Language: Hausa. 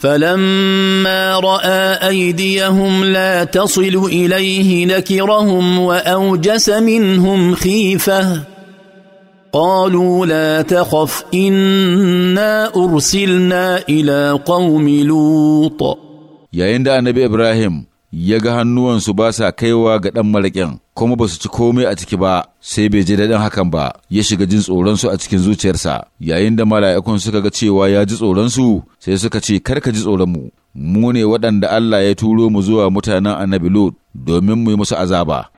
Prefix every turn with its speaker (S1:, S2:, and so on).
S1: فلما راى ايديهم لا تصل اليه نكرهم واوجس منهم خيفه قالوا لا تخف انا ارسلنا الى
S2: قوم لوط يا عند النبي ابراهيم ya ga hannuwansu ba sa
S3: kaiwa ga ɗan maraƙin kuma ba su ci komai a ciki ba sai bai ji daɗin hakan ba ya shiga jin tsoronsu a cikin zuciyarsa yayin da mala'ikun suka ga cewa ya ji tsoronsu sai suka ce kar ka ji tsoron mu mu ne waɗanda Allah ya turo mu zuwa mutanen annabi Lot domin mu
S4: yi musu azaba